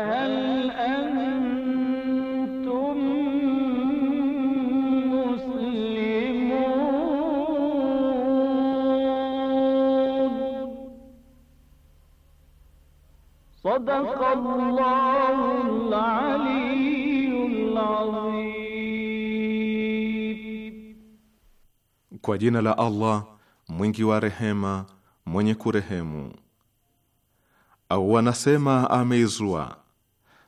فهل أنتم مسلمون صدق الله العلي Kwa jina la Allah mwingi wa rehema mwenye kurehemu au wanasema ameizua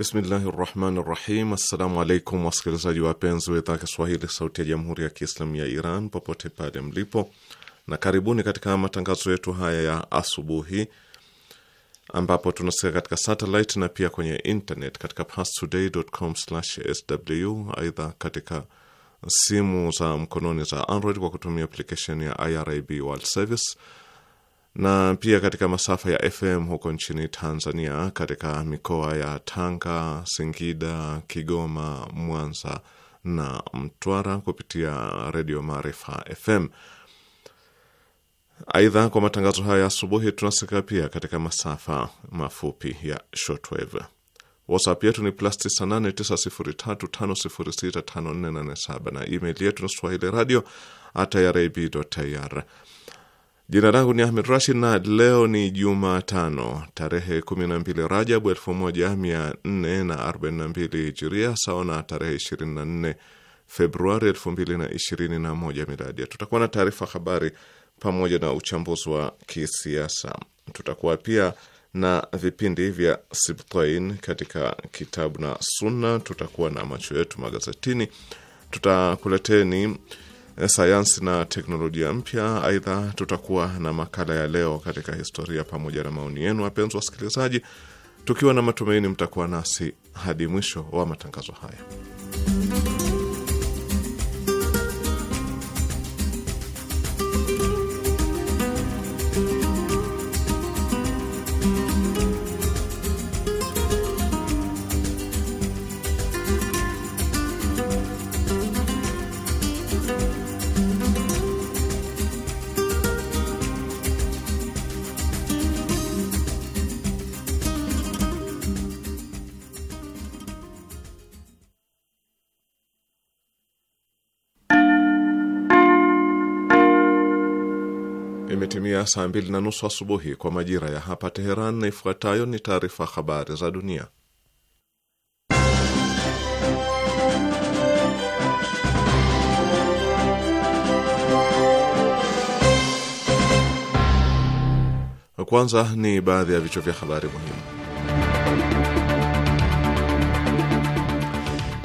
Bismillahi rahmani rahim. Assalamu alaikum wasikilizaji wapenzi wa idhaa Kiswahili sauti ya jamhuri ya Kiislamu ya Iran popote pale mlipo, na karibuni katika matangazo yetu haya ya asubuhi ambapo tunasikia katika satellite na pia kwenye internet katika pastoday.com/sw. Aidha, katika simu za mkononi za Android kwa kutumia application ya IRIB World Service na pia katika masafa ya FM huko nchini Tanzania, katika mikoa ya Tanga, Singida, Kigoma, Mwanza na Mtwara kupitia Redio Maarifa FM. Aidha, kwa matangazo haya asubuhi tunasikika pia katika masafa mafupi ya shortwave. WhatsApp yetu ni plus 989035065487 na email yetu ni swahili radio at irib.ir. Jina langu ni Ahmed Rashid na leo ni Jumatano tarehe 12 Rajabu 1442 Hijiria, sawa na tarehe 24 Februari 2021 Miladi. Tutakuwa na taarifa habari pamoja na uchambuzi wa kisiasa. Tutakuwa pia na vipindi vya Sibtain katika kitabu na Sunna. Tutakuwa na macho yetu magazetini, tutakuleteni Eh, sayansi na teknolojia mpya. Aidha, tutakuwa na makala ya leo katika historia pamoja na maoni yenu, wapenzi wasikilizaji, tukiwa na matumaini mtakuwa nasi hadi mwisho wa matangazo haya. saa mbili na nusu asubuhi kwa majira ya hapa Teheran, na ifuatayo ni taarifa habari za dunia. Kwanza ni baadhi ya vichwa vya habari muhimu.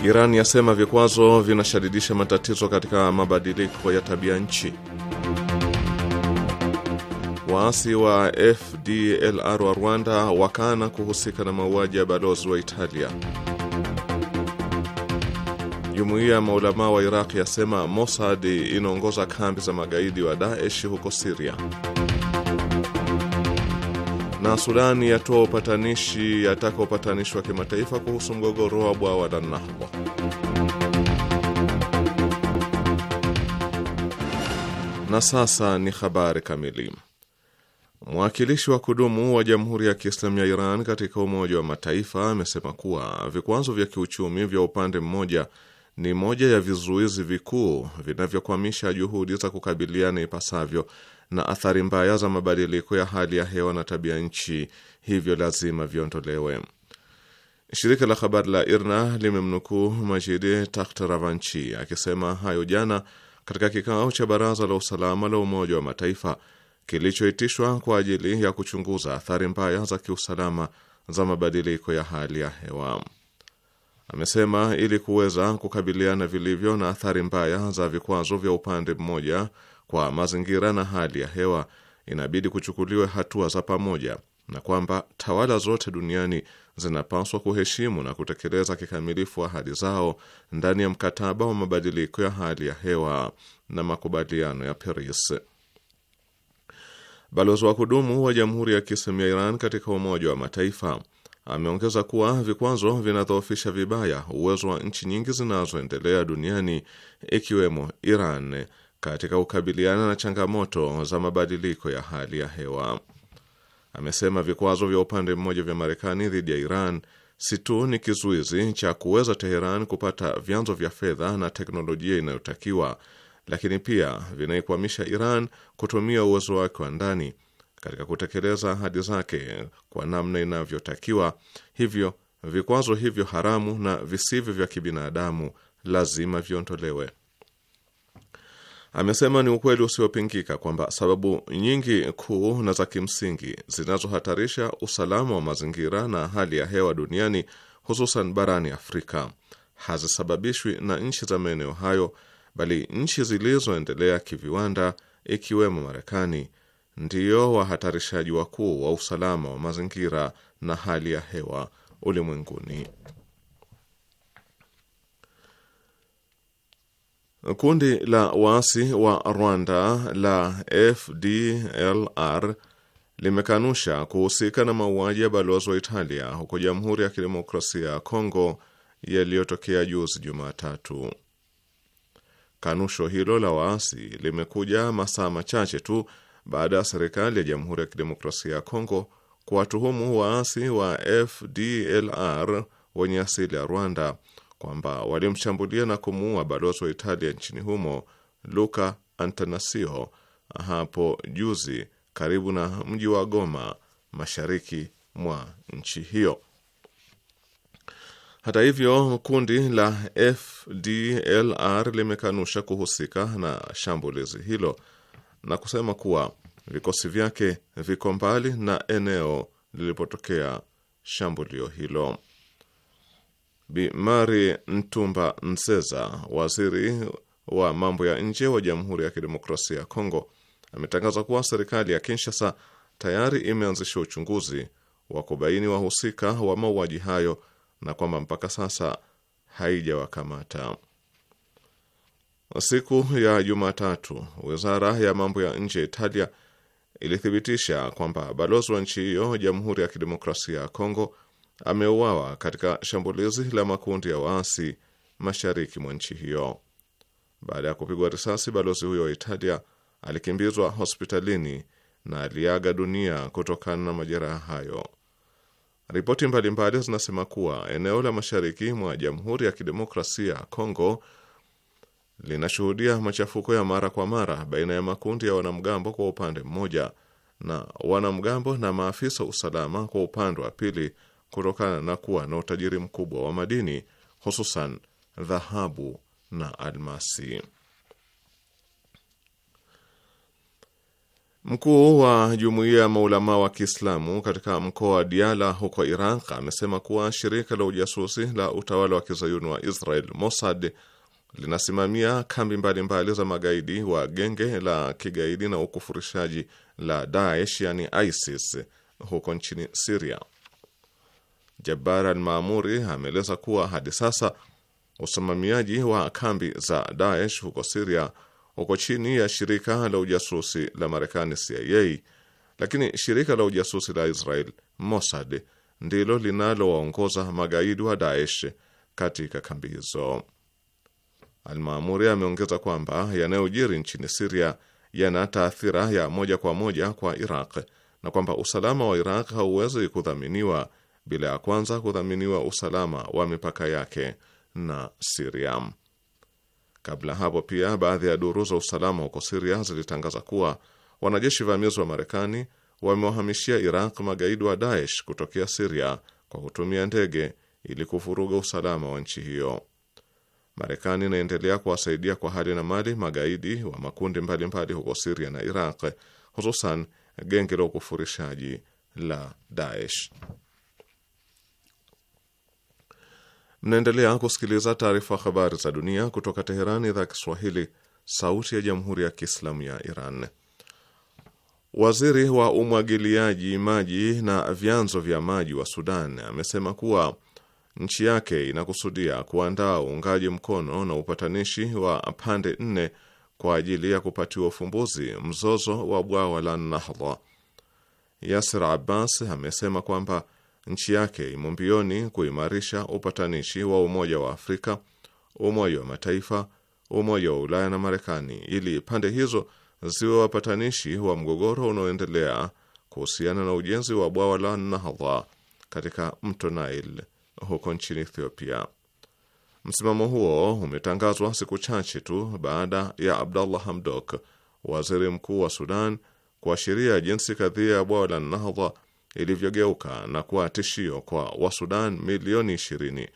Iran yasema vikwazo vinashadidisha matatizo katika mabadiliko ya tabia nchi. Waasi wa FDLR wa Rwanda wakana kuhusika na mauaji ya balozi wa Italia. Jumuiya ya maulamaa wa Iraq yasema Mossad inaongoza kambi za magaidi wa Daesh huko Siria. Na Sudani yatoa upatanishi, yataka upatanishi wa kimataifa kuhusu mgogoro wa bwawa la Nahda. Na sasa ni habari kamili. Mwakilishi wa kudumu wa Jamhuri ya Kiislamu ya Iran katika Umoja wa Mataifa amesema kuwa vikwazo vya kiuchumi vya upande mmoja ni moja ya vizuizi vikuu vinavyokwamisha juhudi za kukabiliana ipasavyo na athari mbaya za mabadiliko ya hali ya hewa na tabia nchi, hivyo lazima viondolewe. Shirika la habari la IRNA limemnukuu Majidi Tahtaravanchi akisema hayo jana katika kikao cha Baraza la Usalama la Umoja wa Mataifa kilichoitishwa kwa ajili ya kuchunguza athari mbaya za kiusalama za mabadiliko ya hali ya hewa. Amesema ili kuweza kukabiliana vilivyo na athari mbaya za vikwazo vya upande mmoja kwa mazingira na hali ya hewa, inabidi kuchukuliwe hatua za pamoja, na kwamba tawala zote duniani zinapaswa kuheshimu na kutekeleza kikamilifu ahadi zao ndani ya mkataba wa mabadiliko ya hali ya hewa na makubaliano ya Paris. Balozi wa kudumu wa Jamhuri ya Kiislamu ya Iran katika Umoja wa Mataifa ameongeza kuwa vikwazo vinadhoofisha vibaya uwezo wa nchi nyingi zinazoendelea duniani ikiwemo Iran katika kukabiliana na changamoto za mabadiliko ya hali ya hewa. Amesema vikwazo vya upande mmoja vya Marekani dhidi ya Iran si tu ni kizuizi cha kuweza Teheran kupata vyanzo vya fedha na teknolojia inayotakiwa lakini pia vinaikwamisha Iran kutumia uwezo wake wa ndani katika kutekeleza ahadi zake kwa namna inavyotakiwa. Hivyo vikwazo hivyo haramu na visivyo vya kibinadamu lazima viondolewe. Amesema ni ukweli usiopingika kwamba sababu nyingi kuu na za kimsingi zinazohatarisha usalama wa mazingira na hali ya hewa duniani, hususan barani Afrika, hazisababishwi na nchi za maeneo hayo bali nchi zilizoendelea kiviwanda ikiwemo Marekani ndiyo wahatarishaji wakuu wa usalama wa mazingira na hali ya hewa ulimwenguni. Kundi la waasi wa Rwanda la FDLR limekanusha kuhusika na mauaji ya balozi wa Italia huko Jamhuri ya Kidemokrasia ya Kongo yaliyotokea juzi Jumatatu. Kanusho hilo la waasi limekuja masaa machache tu baada ya serikali ya Jamhuri ya Kidemokrasia ya Kongo kuwatuhumu waasi wa FDLR wenye asili ya Rwanda kwamba walimshambulia na kumuua balozi wa Italia nchini humo Luca Antanasio hapo juzi karibu na mji wa Goma mashariki mwa nchi hiyo. Hata hivyo, kundi la FDLR limekanusha kuhusika na shambulizi hilo na kusema kuwa vikosi vyake viko mbali na eneo lilipotokea shambulio hilo. bimari Ntumba Nseza, waziri wa mambo ya nje wa Jamhuri ya Kidemokrasia ya Kongo, ametangaza kuwa serikali ya Kinshasa tayari imeanzisha uchunguzi wa kubaini wahusika wa, wa mauaji hayo na kwamba mpaka sasa haijawakamata. Siku ya Jumatatu, wizara ya mambo ya nje ya Italia ilithibitisha kwamba balozi wa nchi hiyo Jamhuri ya Kidemokrasia ya Kongo ameuawa katika shambulizi la makundi ya waasi mashariki mwa nchi hiyo. Baada ya kupigwa risasi, balozi huyo wa Italia alikimbizwa hospitalini na aliaga dunia kutokana na majeraha hayo. Ripoti mbalimbali zinasema kuwa eneo la mashariki mwa Jamhuri ya Kidemokrasia ya Kongo linashuhudia machafuko ya mara kwa mara baina ya makundi ya wanamgambo kwa upande mmoja na wanamgambo na maafisa usalama kwa upande wa pili, kutokana na kuwa na utajiri mkubwa wa madini hususan dhahabu na almasi. Mkuu wa jumuiya ya maulamaa wa Kiislamu katika mkoa wa Diala huko Iraq amesema kuwa shirika la ujasusi la utawala wa kizayuni wa Israel Mossad linasimamia kambi mbalimbali za magaidi wa genge la kigaidi na ukufurishaji la Daesh yani ISIS huko nchini Siria. jabar al-Maamuri ameeleza kuwa hadi sasa usimamiaji wa kambi za Daesh huko Siria uko chini ya shirika la ujasusi la Marekani CIA, lakini shirika la ujasusi la Israel Mossad ndilo linalowaongoza magaidi wa Daesh katika kambi hizo. Almaamuri ameongeza kwamba yanayojiri nchini Siria yana taathira ya moja kwa moja kwa Iraq na kwamba usalama wa Iraq hauwezi kudhaminiwa bila ya kwanza kudhaminiwa usalama wa mipaka yake na Siria. Kabla hapo pia baadhi ya duru za usalama huko Siria zilitangaza kuwa wanajeshi vamizi wa Marekani wamewahamishia Iraq magaidi wa Daesh kutokea Siria kwa kutumia ndege ili kuvuruga usalama wa nchi hiyo. Marekani inaendelea kuwasaidia kwa hali na mali magaidi wa makundi mbalimbali huko Siria na Iraq, hususan genge la ukufurishaji la Daesh. Mnaendelea kusikiliza taarifa habari za dunia kutoka Teherani, idhaa Kiswahili, sauti ya jamhuri ya kiislamu ya Iran. Waziri wa umwagiliaji maji na vyanzo vya maji wa Sudan amesema kuwa nchi yake inakusudia kuandaa uungaji mkono na upatanishi wa pande nne kwa ajili ya kupatiwa ufumbuzi mzozo wa bwawa la Nahdha. Yasir Abbas amesema kwamba nchi yake imo mbioni kuimarisha upatanishi wa Umoja wa Afrika, Umoja wa Mataifa, Umoja wa Ulaya na Marekani ili pande hizo ziwe wapatanishi wa mgogoro unaoendelea kuhusiana na ujenzi wa bwawa la Nahadha katika mto Nile huko nchini Ethiopia. Msimamo huo umetangazwa siku chache tu baada ya Abdallah Hamdok, waziri mkuu wa Sudan, kuashiria jinsi kadhia ya bwawa la Nahadha ilivyogeuka na kuwa tishio kwa Wasudan milioni ishirini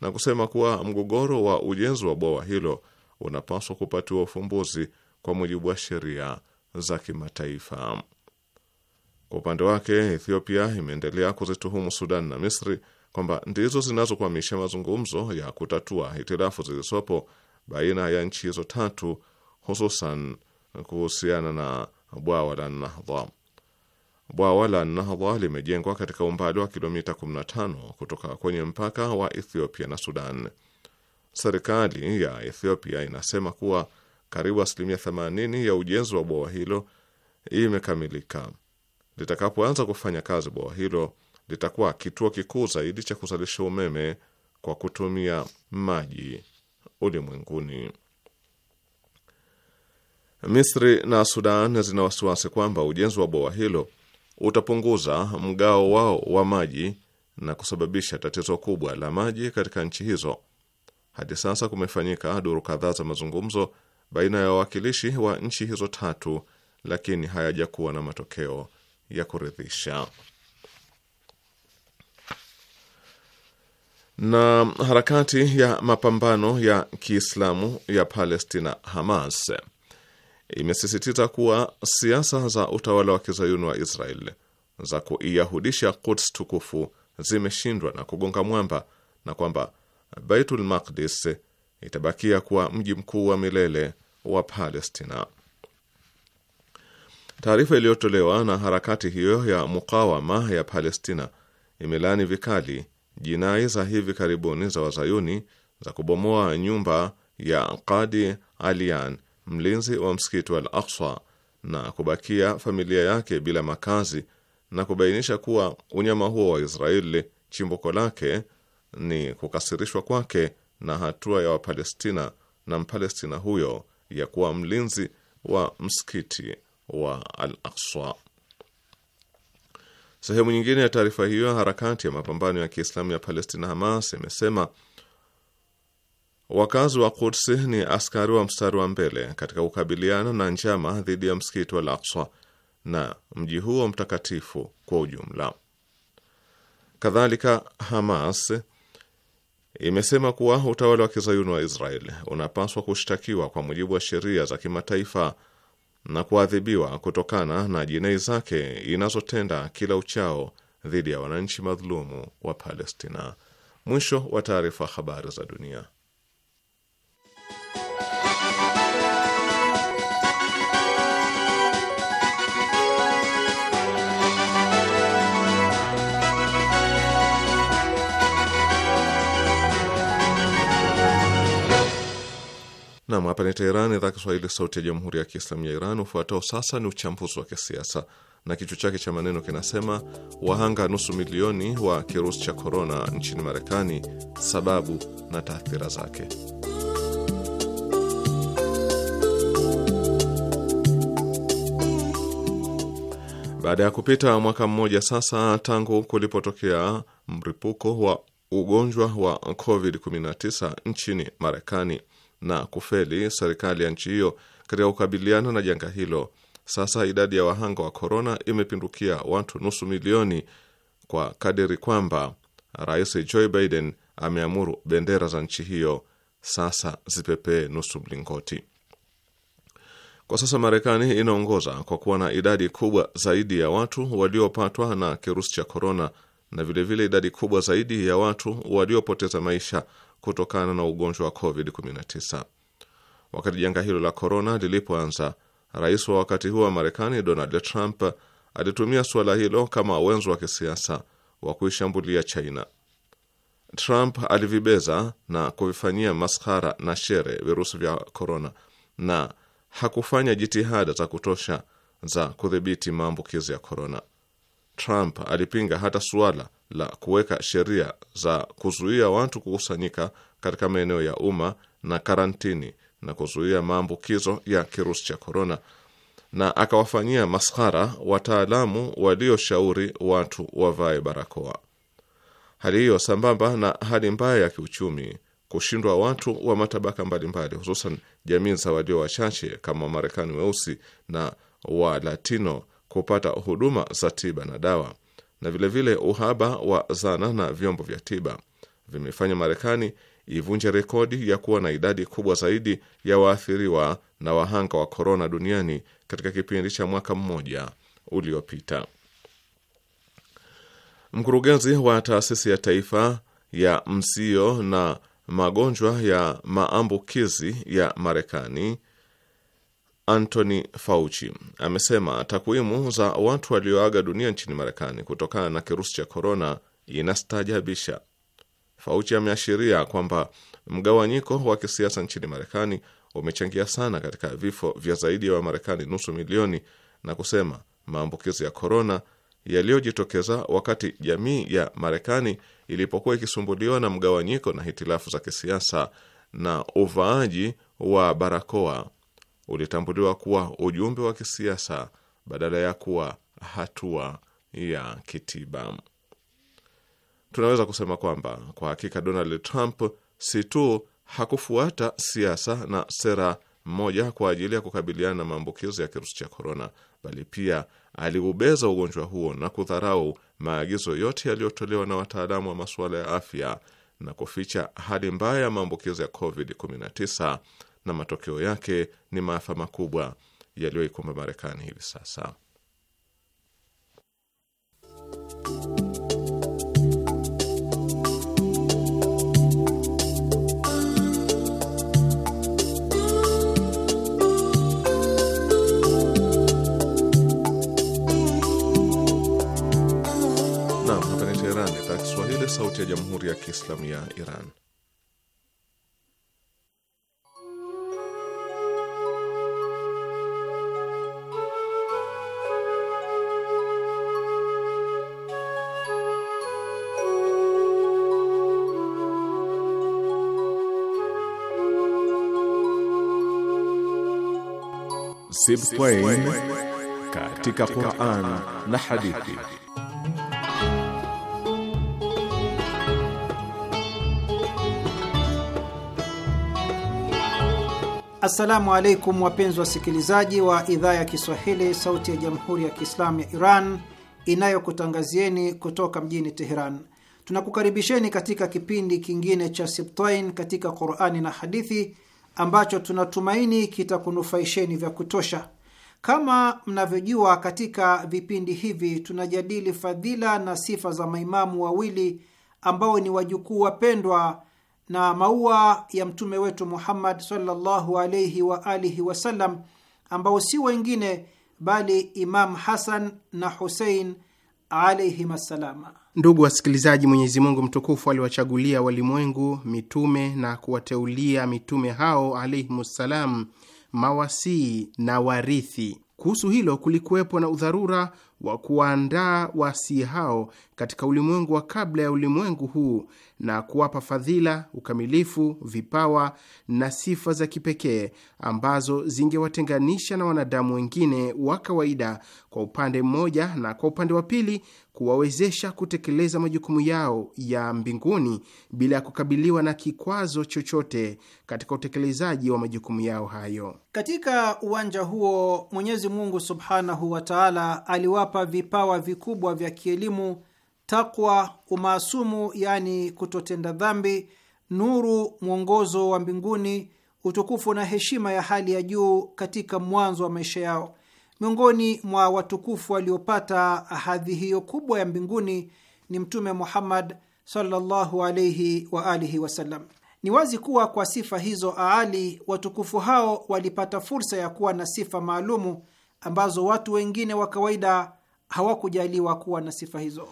na kusema kuwa mgogoro wa ujenzi wa bwawa hilo unapaswa kupatiwa ufumbuzi kwa mujibu wa sheria za kimataifa. Kwa upande wake, Ethiopia imeendelea kuzituhumu Sudan na Misri kwamba ndizo zinazokwamisha mazungumzo ya kutatua hitilafu zilizopo baina ya nchi hizo tatu, hususan kuhusiana na bwawa la Nahdha. Bwawa la Nahdha limejengwa katika umbali wa kilomita 15 kutoka kwenye mpaka wa Ethiopia na Sudan. Serikali ya Ethiopia inasema kuwa karibu asilimia 80 ya ujenzi wa bwawa hilo imekamilika. Litakapoanza kufanya kazi, bwawa hilo litakuwa kituo kikuu zaidi cha kuzalisha umeme kwa kutumia maji ulimwenguni. Misri na Sudan zina wasiwasi kwamba ujenzi wa bwawa hilo utapunguza mgao wao wa maji na kusababisha tatizo kubwa la maji katika nchi hizo. Hadi sasa kumefanyika duru kadhaa za mazungumzo baina ya wawakilishi wa nchi hizo tatu, lakini hayajakuwa na matokeo ya kuridhisha. Na harakati ya mapambano ya Kiislamu ya Palestina Hamas imesisitiza kuwa siasa za utawala wa kizayuni wa Israel za kuiyahudisha Quds tukufu zimeshindwa na kugonga mwamba na kwamba Baitul Maqdis itabakia kuwa mji mkuu wa milele wa Palestina. Taarifa iliyotolewa na harakati hiyo ya mukawama ya Palestina imelaani vikali jinai za hivi karibuni za wazayuni za kubomoa nyumba ya Qadi Alian mlinzi wa msikiti wa Al-Aqsa na kubakia familia yake bila makazi na kubainisha kuwa unyama huo wa Israeli chimbuko lake ni kukasirishwa kwake na hatua ya Wapalestina na Mpalestina huyo ya kuwa mlinzi wa msikiti wa Al-Aqsa. Sehemu nyingine ya taarifa hiyo harakati ya mapambano ya Kiislamu ya Palestina Hamas imesema Wakazi wa Quds ni askari wa mstari wa mbele katika kukabiliana na njama dhidi ya msikiti wa Al-Aqsa na mji huo mtakatifu kwa ujumla. Kadhalika, Hamas imesema kuwa utawala wa kizayuni wa Israel unapaswa kushtakiwa kwa mujibu wa sheria za kimataifa na kuadhibiwa kutokana na jinai zake inazotenda kila uchao dhidi ya wananchi madhulumu wa Palestina. Mwisho wa taarifa. Habari za dunia. Nam, hapa ni Teherani, idhaa Kiswahili, sauti ya jamhuri ya kiislamu ya Iran. Ufuatao sasa ni uchambuzi wa kisiasa na kichwa chake cha maneno kinasema: wahanga nusu milioni wa kirusi cha korona nchini Marekani, sababu na taathira zake. Baada ya kupita mwaka mmoja sasa tangu kulipotokea mripuko wa ugonjwa wa COVID-19 nchini Marekani, na kufeli serikali ya nchi hiyo katika kukabiliana na janga hilo, sasa idadi ya wahanga wa korona imepindukia watu nusu milioni, kwa kadiri kwamba Rais Joe Biden ameamuru bendera za nchi hiyo sasa zipepee nusu mlingoti. Kwa sasa Marekani inaongoza kwa kuwa na idadi kubwa zaidi ya watu waliopatwa na kirusi cha korona na vilevile vile idadi kubwa zaidi ya watu waliopoteza maisha kutokana na ugonjwa wa COVID-19. Wakati janga hilo la korona lilipoanza, rais wa wakati huo wa Marekani Donald Trump alitumia suala hilo kama wenzo wa kisiasa wa kuishambulia China. Trump alivibeza na kuvifanyia maskhara na shere virusi vya korona na hakufanya jitihada za kutosha za kudhibiti maambukizi ya korona. Trump alipinga hata suala la kuweka sheria za kuzuia watu kukusanyika katika maeneo ya umma na karantini na kuzuia maambukizo ya kirusi cha korona, na akawafanyia maskhara wataalamu walioshauri watu wavae barakoa. Hali hiyo sambamba na hali mbaya ya kiuchumi, kushindwa watu wa matabaka mbalimbali, hususan jamii za walio wachache kama Wamarekani weusi na Walatino kupata huduma za tiba na dawa na vilevile vile uhaba wa zana na vyombo vya tiba vimefanya Marekani ivunje rekodi ya kuwa na idadi kubwa zaidi ya waathiriwa na wahanga wa korona duniani katika kipindi cha mwaka mmoja uliopita. Mkurugenzi wa taasisi ya taifa ya mzio na magonjwa ya maambukizi ya Marekani Anthony Fauci amesema takwimu za watu walioaga dunia nchini Marekani kutokana na kirusi cha korona inastaajabisha. Fauci ameashiria kwamba mgawanyiko wa kisiasa nchini Marekani umechangia sana katika vifo vya zaidi ya wa Wamarekani nusu milioni na kusema maambukizi ya korona yaliyojitokeza wakati jamii ya Marekani ilipokuwa ikisumbuliwa na mgawanyiko na hitilafu za kisiasa na uvaaji wa barakoa ulitambuliwa kuwa ujumbe wa kisiasa badala ya kuwa hatua ya kitiba. Tunaweza kusema kwamba kwa hakika Donald Trump si tu hakufuata siasa na sera moja kwa ajili ya kukabiliana na maambukizo ya kirusi cha korona, bali pia aliubeza ugonjwa huo na kudharau maagizo yote yaliyotolewa na wataalamu wa masuala ya afya na kuficha hali mbaya ya maambukizo ya COVID-19 na matokeo yake ni maafa makubwa yaliyoikumba Marekani hivi sasa. Naam, hapa ni Teherani, idhaa Kiswahili, sauti ya jamhuri ya kiislamu ya Iran. Sibtain katika Qur'an na hadithi. Assalamu alaikum wapenzi wasikilizaji wa idhaa ya Kiswahili sauti ya Jamhuri ya Kiislamu ya Iran inayokutangazieni kutoka mjini Teheran. Tunakukaribisheni katika kipindi kingine cha Sibtain katika Qur'ani na hadithi ambacho tunatumaini kitakunufaisheni vya kutosha. Kama mnavyojua, katika vipindi hivi tunajadili fadhila na sifa za maimamu wawili ambao ni wajukuu wapendwa na maua ya mtume wetu Muhammad sallallahu alaihi wa alihi wasallam, ambao si wengine bali Imam Hasan na Husein alaihim assalama. Ndugu wasikilizaji, Mwenyezi Mungu mtukufu aliwachagulia walimwengu mitume na kuwateulia mitume hao alaihim ssalam mawasii na warithi kuhusu hilo kulikuwepo na udharura wa kuwaandaa wasi hao katika ulimwengu wa kabla ya ulimwengu huu na kuwapa fadhila, ukamilifu, vipawa na sifa za kipekee ambazo zingewatenganisha na wanadamu wengine wa kawaida kwa upande mmoja, na kwa upande wa pili kuwawezesha kutekeleza majukumu yao ya mbinguni bila ya kukabiliwa na kikwazo chochote katika utekelezaji wa majukumu yao hayo. Katika uwanja huo, Mwenyezi Mungu subhanahu wa taala aliwapa vipawa vikubwa vya kielimu, takwa, umaasumu, yaani kutotenda dhambi, nuru, mwongozo wa mbinguni, utukufu na heshima ya hali ya juu katika mwanzo wa maisha yao. Miongoni mwa watukufu waliopata hadhi hiyo kubwa ya mbinguni ni Mtume Muhammad sallallahu alaihi wa alihi wasallam. Ni wazi kuwa kwa sifa hizo aali, watukufu hao walipata fursa ya kuwa na sifa maalumu ambazo watu wengine wa kawaida hawakujaliwa kuwa na sifa hizo.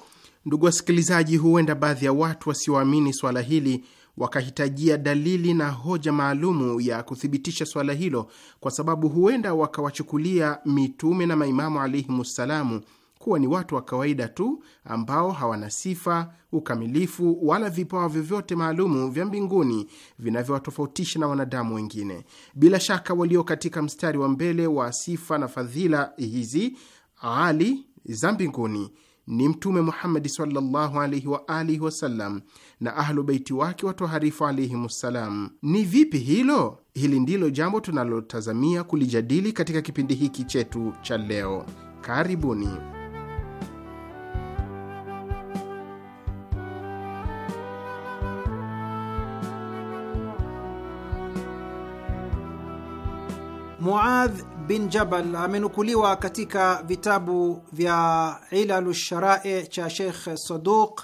Ndugu wasikilizaji, huenda baadhi ya watu wasioamini swala hili wakahitajia dalili na hoja maalumu ya kuthibitisha swala hilo, kwa sababu huenda wakawachukulia mitume na maimamu ssalamu kuwa ni watu wa kawaida tu ambao hawana sifa, ukamilifu wala vipawa vyovyote maalumu vya mbinguni vinavyowatofautisha na wanadamu wengine. Bila shaka walio katika mstari wa mbele wa sifa na fadhila hizi ali za mbinguni ni Mtume Muhammadi sallallahu alaihi wa alihi wasallam na Ahlu Beiti wake watoharifu alaihim ssalam. Ni vipi hilo? Hili ndilo jambo tunalotazamia kulijadili katika kipindi hiki chetu cha leo. Karibuni. Muadh bin Jabal amenukuliwa katika vitabu vya Ilalu Sharai cha Sheikh Saduq,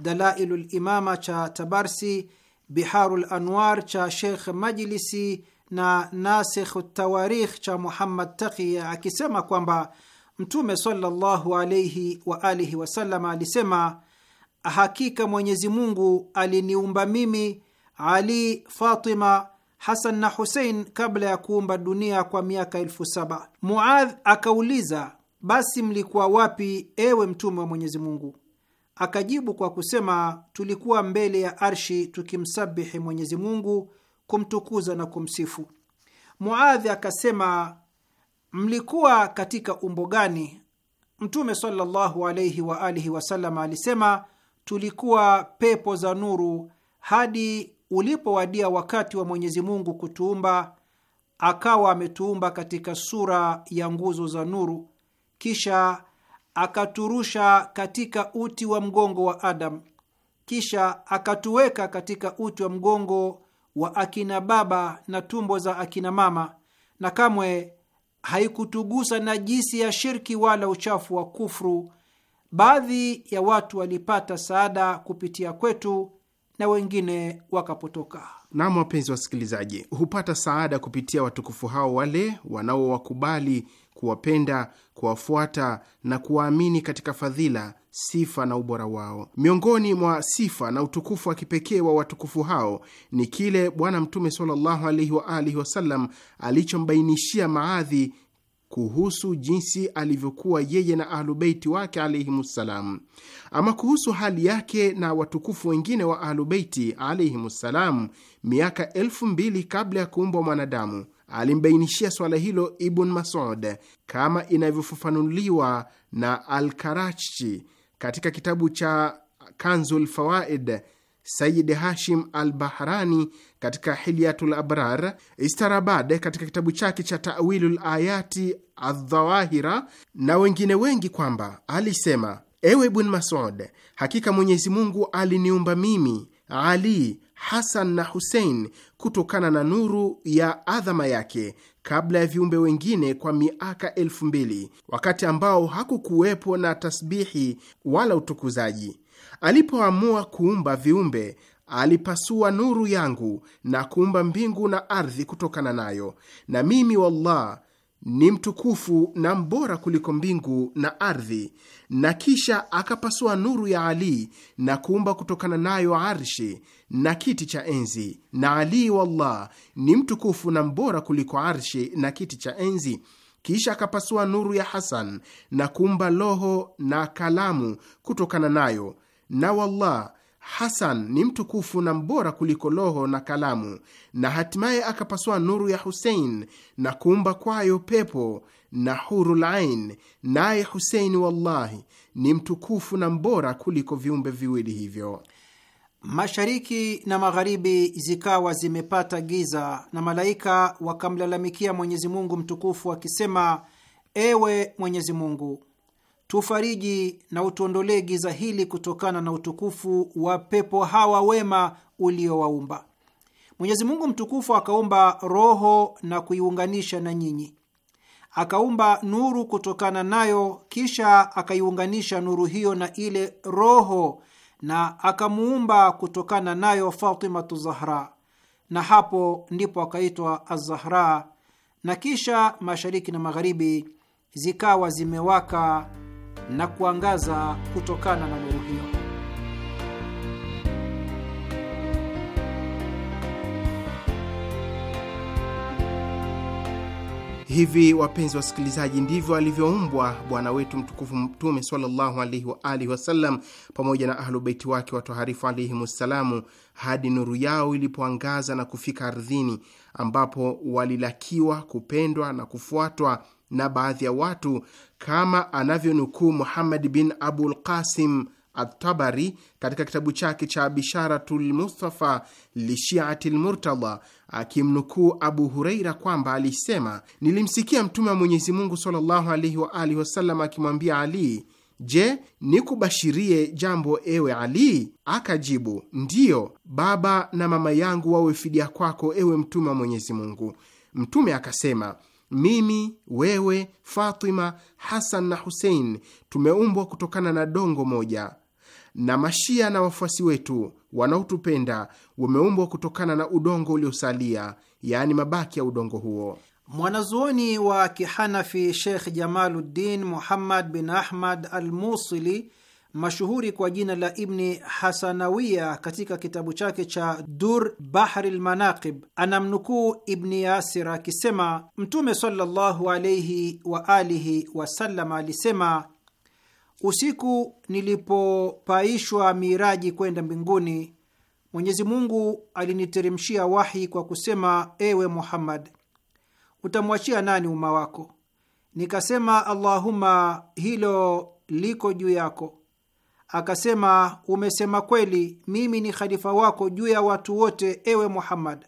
Dalailu Limama cha Tabarsi, Biharu Lanwar cha Sheikh Majlisi na nasikh Tawarikh cha Muhammad Taqi akisema kwamba Mtume sallallahu alaihi wa alihi wasallam alisema, hakika Mwenyezi Mungu aliniumba mimi, Ali, Fatima Hasan na Husein kabla ya kuumba dunia kwa miaka elfu saba. Muadh akauliza, basi mlikuwa wapi, ewe Mtume wa Mwenyezi Mungu? Akajibu kwa kusema, tulikuwa mbele ya arshi tukimsabihi Mwenyezi Mungu, kumtukuza na kumsifu. Muadhi akasema, mlikuwa katika umbo gani? Mtume sallallahu alaihi alihi wasallam alisema, tulikuwa pepo za nuru hadi ulipowadia wakati wa Mwenyezi Mungu kutuumba, akawa ametuumba katika sura ya nguzo za nuru, kisha akaturusha katika uti wa mgongo wa Adamu, kisha akatuweka katika uti wa mgongo wa akina baba na tumbo za akina mama, na kamwe haikutugusa najisi ya shirki wala uchafu wa kufru. Baadhi ya watu walipata saada kupitia kwetu na wengine wakapotoka. Naam, wapenzi wasikilizaji, hupata saada kupitia watukufu hao wale wanaowakubali, kuwapenda, kuwafuata na kuwaamini katika fadhila, sifa na ubora wao. Miongoni mwa sifa na utukufu wa kipekee wa watukufu hao ni kile Bwana Mtume sallallahu alaihi wa alihi wasallam alichombainishia maadhi kuhusu jinsi alivyokuwa yeye na ahlubeiti wake alaihimussalam. Ama kuhusu hali yake na watukufu wengine wa ahlubeiti alaihimussalam, miaka elfu mbili kabla ya kuumbwa mwanadamu, alimbainishia swala hilo Ibn Masud kama inavyofafanuliwa na Alkarachi katika kitabu cha Kanzul Fawaid Sayid Hashim al Bahrani katika Hilyatul Abrar, Istarabad katika kitabu chake cha Tawilul Ayati Aldhawahira na wengine wengi kwamba alisema: ewe Ibn Masud, hakika Mwenyezi Mungu aliniumba mimi Ali, Hasan na Husein kutokana na nuru ya adhama yake kabla ya viumbe wengine kwa miaka elfu mbili wakati ambao hakukuwepo na tasbihi wala utukuzaji Alipoamua kuumba viumbe, alipasua nuru yangu na kuumba mbingu na ardhi kutokana nayo, na mimi wallah ni mtukufu na mbora kuliko mbingu na ardhi. Na kisha akapasua nuru ya Ali na kuumba kutokana nayo arshi na kiti cha enzi, na Ali wallah ni mtukufu na mbora kuliko arshi na kiti cha enzi. Kisha akapasua nuru ya Hasan na kuumba loho na kalamu kutokana nayo na wallah Hasan ni mtukufu na mbora kuliko loho na kalamu, na hatimaye akapasua nuru ya Husein na kuumba kwayo pepo na hurul ain, naye Husein wallahi ni mtukufu na mbora kuliko viumbe viwili hivyo. Mashariki na magharibi zikawa zimepata giza, na malaika wakamlalamikia Mwenyezi Mungu mtukufu akisema, ewe Mwenyezi Mungu, tufariji na utuondolee giza hili kutokana na utukufu wa pepo hawa wema uliowaumba. Mwenyezi Mungu mtukufu akaumba roho na kuiunganisha na nyinyi, akaumba nuru kutokana nayo, kisha akaiunganisha nuru hiyo na ile roho, na akamuumba kutokana nayo Fatimatu Zahra, na hapo ndipo akaitwa Azahra, na kisha mashariki na magharibi zikawa zimewaka na kuangaza kutokana na nuru hiyo. Hivi wapenzi wasikilizaji, ndivyo alivyoumbwa bwana wetu mtukufu Mtume sallallahu alaihi wa alihi wasallam pamoja na ahlubeiti wake watoharifu alaihimussalamu, hadi nuru yao ilipoangaza na kufika ardhini, ambapo walilakiwa kupendwa na kufuatwa na baadhi ya watu kama anavyonukuu Muhammad bin Abul Qasim Atabari katika kitabu chake cha Bisharatu lmustafa lishiati lmurtada akimnukuu Abu Hureira kwamba alisema, nilimsikia Mtume wa Mwenyezi Mungu sallallahu alaihi wa alihi wasallam akimwambia Ali, je, nikubashirie jambo ewe Ali? Akajibu, ndiyo, baba na mama yangu wawe fidia kwako, ewe Mtume wa Mwenyezi Mungu. Mtume akasema mimi, wewe, Fatima, Hasan na Husein tumeumbwa kutokana na dongo moja, na Mashia na wafuasi wetu wanaotupenda wameumbwa kutokana na udongo uliosalia, yaani mabaki ya udongo huo. Mwanazuoni wa Kihanafi Sheikh Jamaluddin Muhammad bin Ahmad Almusili mashuhuri kwa jina la Ibni Hasanawiya katika kitabu chake cha Dur Bahri lmanaqib anamnukuu Ibni Yasir akisema Mtume sallallahu alaihi wa alihi wasallam alisema, usiku nilipopaishwa miraji kwenda mbinguni, Mwenyezi Mungu aliniteremshia wahi kwa kusema, ewe Muhammad, utamwachia nani umma wako? Nikasema, Allahumma, hilo liko juu yako akasema, umesema kweli, mimi ni khalifa wako juu ya watu wote, ewe Muhammad.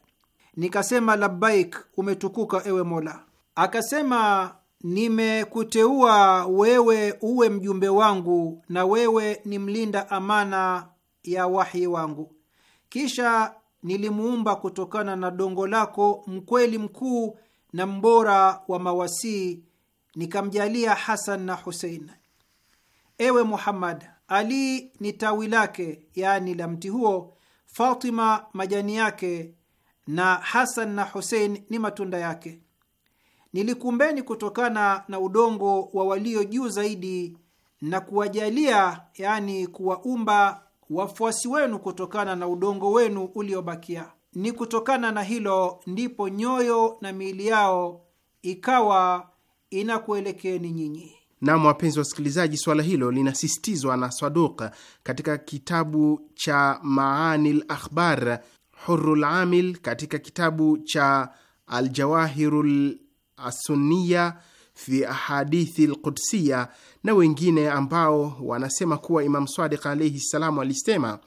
Nikasema, labbaik, umetukuka ewe Mola. Akasema, nimekuteua wewe uwe mjumbe wangu na wewe ni mlinda amana ya wahi wangu. Kisha nilimuumba kutokana na dongo lako, mkweli mkuu na mbora wa mawasii, nikamjalia Hasan na Husein. Ewe Muhammad, ali ni tawi lake, yaani la mti huo, Fatima majani yake, na Hasan na Husein ni matunda yake. Nilikumbeni kutokana na udongo wa walio juu zaidi na kuwajalia, yaani kuwaumba wafuasi wenu kutokana na udongo wenu uliobakia. Ni kutokana na hilo ndipo nyoyo na miili yao ikawa inakuelekeeni nyinyi. Nam, wapenzi wasikilizaji, swala hilo linasisitizwa na Saduq katika kitabu cha Maani Lakhbar, Huru Lamil, katika kitabu cha Aljawahiru Asuniya fi ahadithi lqudsiya na wengine ambao wanasema kuwa Imam Sadiq alaihi ssalamu alisema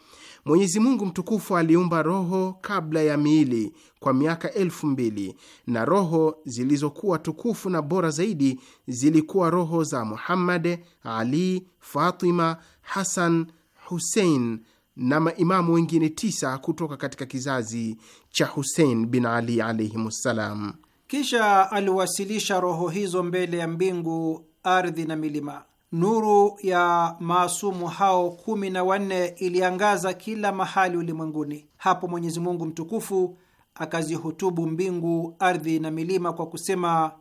Mwenyezi Mungu mtukufu aliumba roho kabla ya miili kwa miaka elfu mbili na roho zilizokuwa tukufu na bora zaidi zilikuwa roho za Muhammad, Ali, Fatima, Hasan, Husein na maimamu wengine tisa kutoka katika kizazi cha Husein bin Ali alaihimussalam. Kisha aliwasilisha roho hizo mbele ya mbingu, ardhi na milima Nuru ya maasumu hao kumi na wanne iliangaza kila mahali ulimwenguni. Hapo Mwenyezi Mungu mtukufu akazihutubu mbingu, ardhi na milima kwa kusema,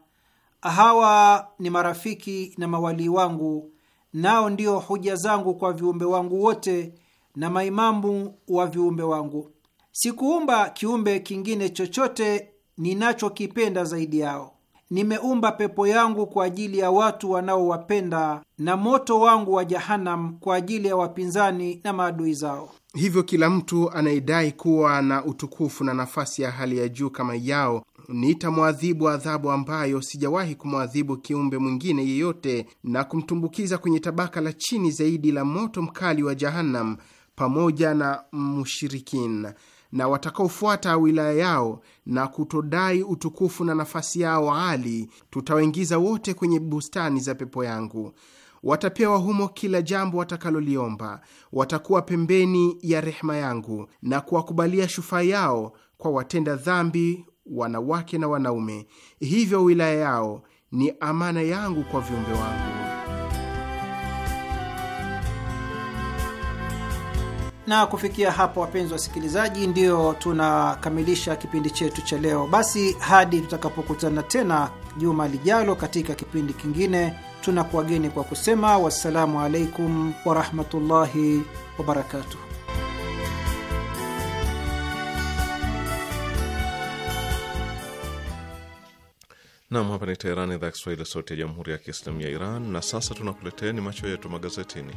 hawa ni marafiki na mawalii wangu, nao ndio hoja zangu kwa viumbe wangu wote na maimamu wa viumbe wangu. Sikuumba kiumbe kingine chochote ninachokipenda zaidi yao nimeumba pepo yangu kwa ajili ya watu wanaowapenda na moto wangu wa Jahanam kwa ajili ya wapinzani na maadui zao. Hivyo kila mtu anayedai kuwa na utukufu na nafasi ya hali ya juu kama yao nitamwadhibu adhabu ambayo sijawahi kumwadhibu kiumbe mwingine yeyote, na kumtumbukiza kwenye tabaka la chini zaidi la moto mkali wa jahanam pamoja na mushirikin na watakaofuata wilaya yao na kutodai utukufu na nafasi yao ali, tutawaingiza wote kwenye bustani za pepo yangu. Watapewa humo kila jambo watakaloliomba. Watakuwa pembeni ya rehema yangu na kuwakubalia shufaa yao kwa watenda dhambi, wanawake na wanaume. Hivyo wilaya yao ni amana yangu kwa viumbe wangu. Na kufikia hapo, wapenzi wasikilizaji, ndio tunakamilisha kipindi chetu cha leo. Basi hadi tutakapokutana tena juma lijalo katika kipindi kingine, tunakuwageni kwa kusema wassalamu alaikum warahmatullahi wabarakatuh. Nam, hapa ni Teherani, idhaa ya Kiswahili, sauti ya jamhuri ya kiislamu ya Iran. Na sasa tunakuleteni macho yetu magazetini.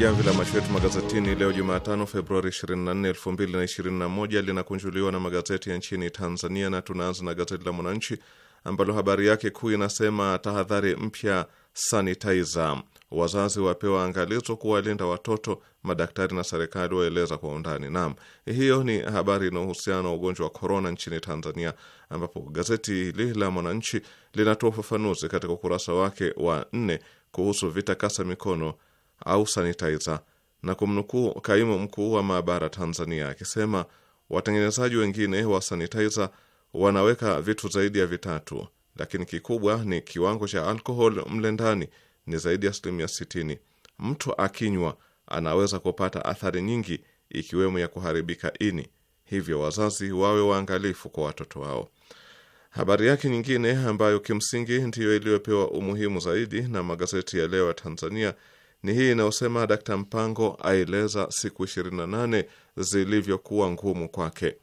jamvi la macho yetu magazetini leo Jumatano, Februari 24, 2021 linakunjuliwa na magazeti ya nchini Tanzania, na tunaanza na gazeti la Mwananchi ambalo habari yake kuu inasema tahadhari mpya sanitiza, wazazi wapewa angalizo kuwalinda watoto, madaktari na serikali waeleza kwa undani. Naam, hiyo ni habari inayohusiana na ugonjwa wa korona nchini Tanzania, ambapo gazeti hili la Mwananchi linatoa ufafanuzi katika ukurasa wake wa nne kuhusu vitakasa mikono au sanitizer na kumnukuu kaimu mkuu wa maabara Tanzania akisema watengenezaji wengine wa sanitizer wanaweka vitu zaidi ya vitatu, lakini kikubwa ni kiwango cha alkohol mle ndani ni zaidi ya asilimia Mtu akinywa anaweza kupata athari nyingi ikiwemo ya kuharibika ini, hivyo wazazi wawe waangalifu kwa watoto wao. Habari yake nyingine ambayo kimsingi ndiyo iliyopewa umuhimu zaidi na magazeti ya leo ya Tanzania ni hii inayosema Dkt. Mpango aeleza siku 28 zilivyokuwa ngumu kwake.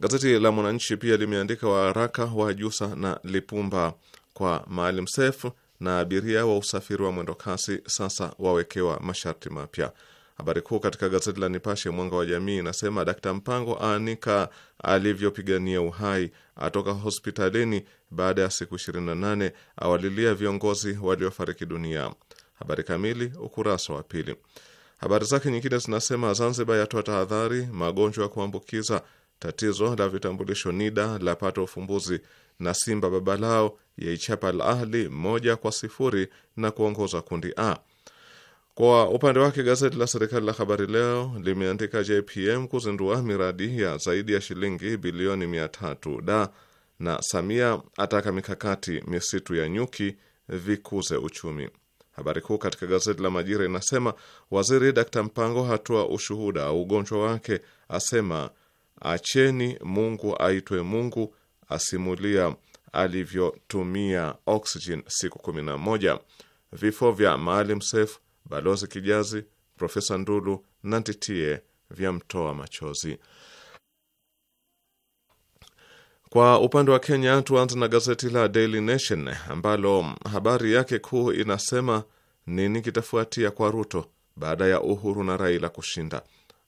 Gazeti la Mwananchi pia limeandika waraka wa Jusa na Lipumba kwa Maalim Seif na abiria wa usafiri wa mwendokasi sasa wawekewa masharti mapya. Habari kuu katika gazeti la Nipashe Mwanga wa Jamii inasema Dkt. Mpango aanika alivyopigania uhai, atoka hospitalini baada ya siku 28, awalilia viongozi waliofariki dunia. Habari kamili ukurasa wa pili. Habari zake nyingine zinasema Zanzibar yatoa tahadhari magonjwa ya kuambukiza, tatizo la vitambulisho NIDA lapata ufumbuzi, na Simba babalao yaichapa Al Ahli moja kwa sifuri na kuongoza kundi A. Kwa upande wake gazeti la serikali la Habari Leo limeandika JPM kuzindua miradi ya zaidi ya shilingi bilioni mia tatu da na Samia ataka mikakati misitu ya nyuki vikuze uchumi. Habari kuu katika gazeti la Majira inasema waziri Dkt Mpango hatoa ushuhuda ugonjwa wake, asema acheni Mungu aitwe Mungu, asimulia alivyotumia oxygen siku kumi na moja. Vifo vya Maalim Seif, Balozi Kijazi, Profesa Ndulu na Ntitie vya mtoa machozi. Kwa upande wa Kenya, tuanze na gazeti la Daily Nation ambalo habari yake kuu inasema nini kitafuatia kwa Ruto baada ya Uhuru na Raila kushinda.